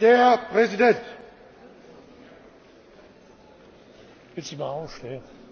Der Präsident. Jetzt sie mal aufstehen.